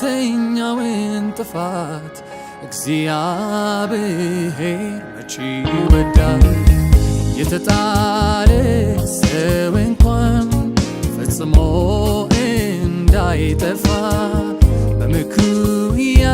ሁለተኛውን ጥፋት እግዚአብሔር መቼ ይወዳል? የተጣለ ሰው እንኳን ፈጽሞ እንዳይጠፋ በምክሩ ያ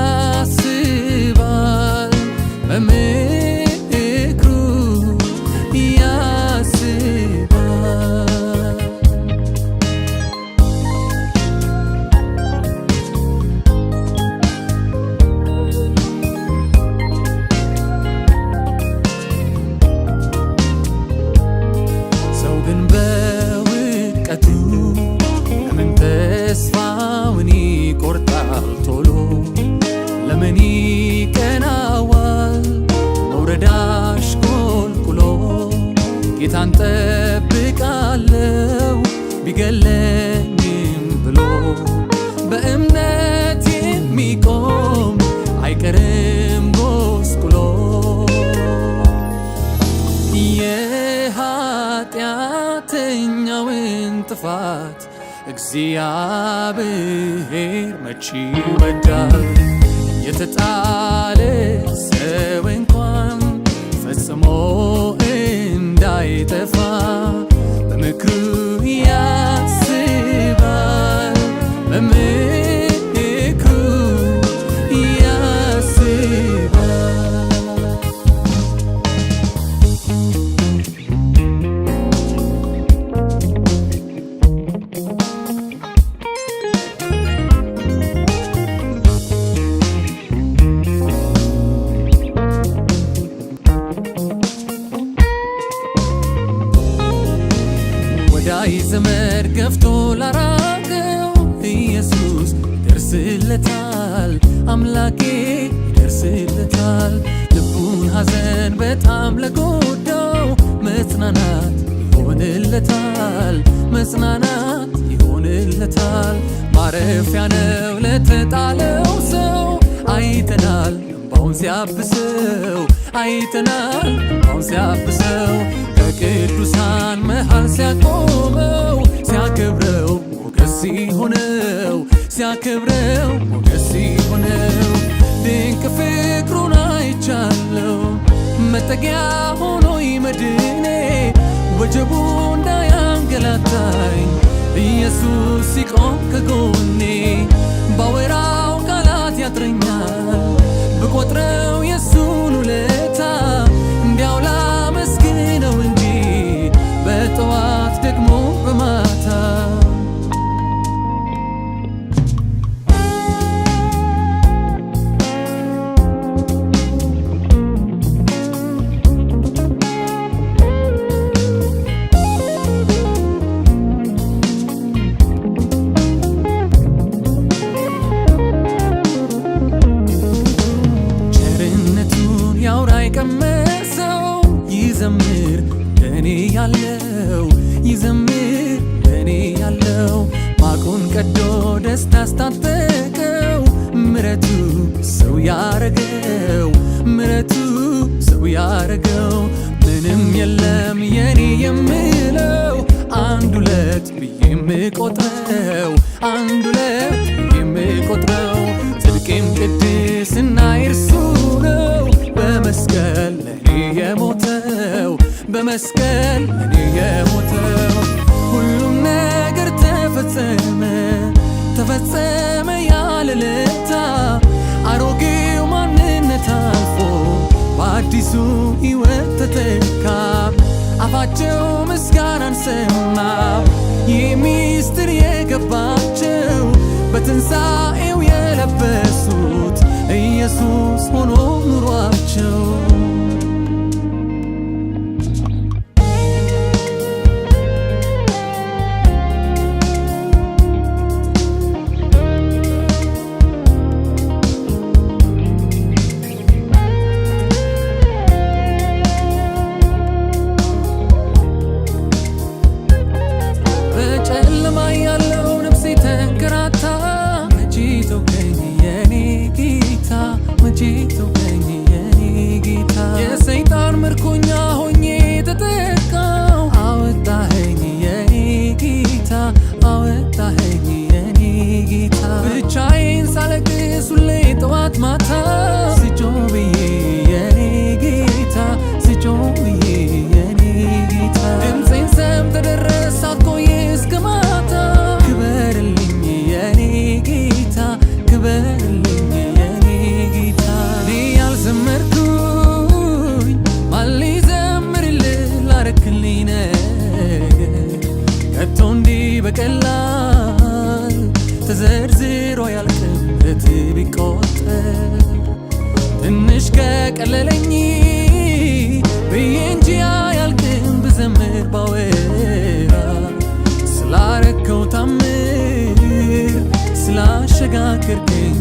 ኪዳን ጠብቃለው ቢገለኝም ብሎ በእምነት የሚቆም አይቀርም ጎስቁሎ የኃጢአተኛውን ጥፋት እግዚአብሔር መች ይወዳል? የተጣለ ሰው እንኳን ፈጽሞ te ዘመድ ገፍቶ ላራቀው ኢየሱስ ይደርስለታል፣ አምላኬ ይደርስለታል። ልቡን ሐዘን በጣም ለጎዳው መጽናናት ይሆንለታል፣ መጽናናት ይሆንለታል። ማረፊያ ነው ለተጣለው ሰው አይተናል እምባውን ሲያብሰው አይተናል እምባውን ሲያብሰው በቅዱሳን መሃል ሲያቆመው ሲያከብረው ሞገስ ሲሆነው ሲያከብረው ሞገስ ሲሆነው ድንቅ ፍቅሩን አይቻለው መጠጊያ ሆኖ ይመድኔ ወጀቡ እንዳያንገላታኝ ኢየሱስ ሲቆም ከጎኔ የቀመሰው ይዘምር ለእኔ ያለው ይዘምር ለእኔ ያለው ማቁን ቀዶ ደስታ አስታጠቀው ምረቱ ሰው ያረገው ምረቱ ሰው ያረገው ምንም የለም የኔ የምለው አንድ ሁለት ብዬ የምቆጥረው አንድ ሁለት የምቆጥረው ጽድቄም ቅድ መስቀል እኔ የሞተው ሁሉም ነገር ተፈጸመ ተፈጸመ ለታ አሮጌው ማንነት አልፎ በአዲሱ ሕይወት ተተ የሰይጣን ምርኮኛ ሆኜ ተጠቃው አወጣኸኝ የኔ ጌታ አወጣኸኝ ያልክበት ቢቆጠር ትንሽ ከቀለለኝ ብዬ እንጂ ያልክም ብዘምር ባወራ ስላረከው ታምር ስላሸጋገርከኝ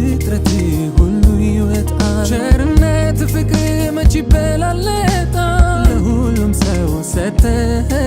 ፍጥረት ሁሉ ይወጣል። ቸርነት ፍቅር መች ይበላለጣል። ለሁሉም ሰው ሰተህ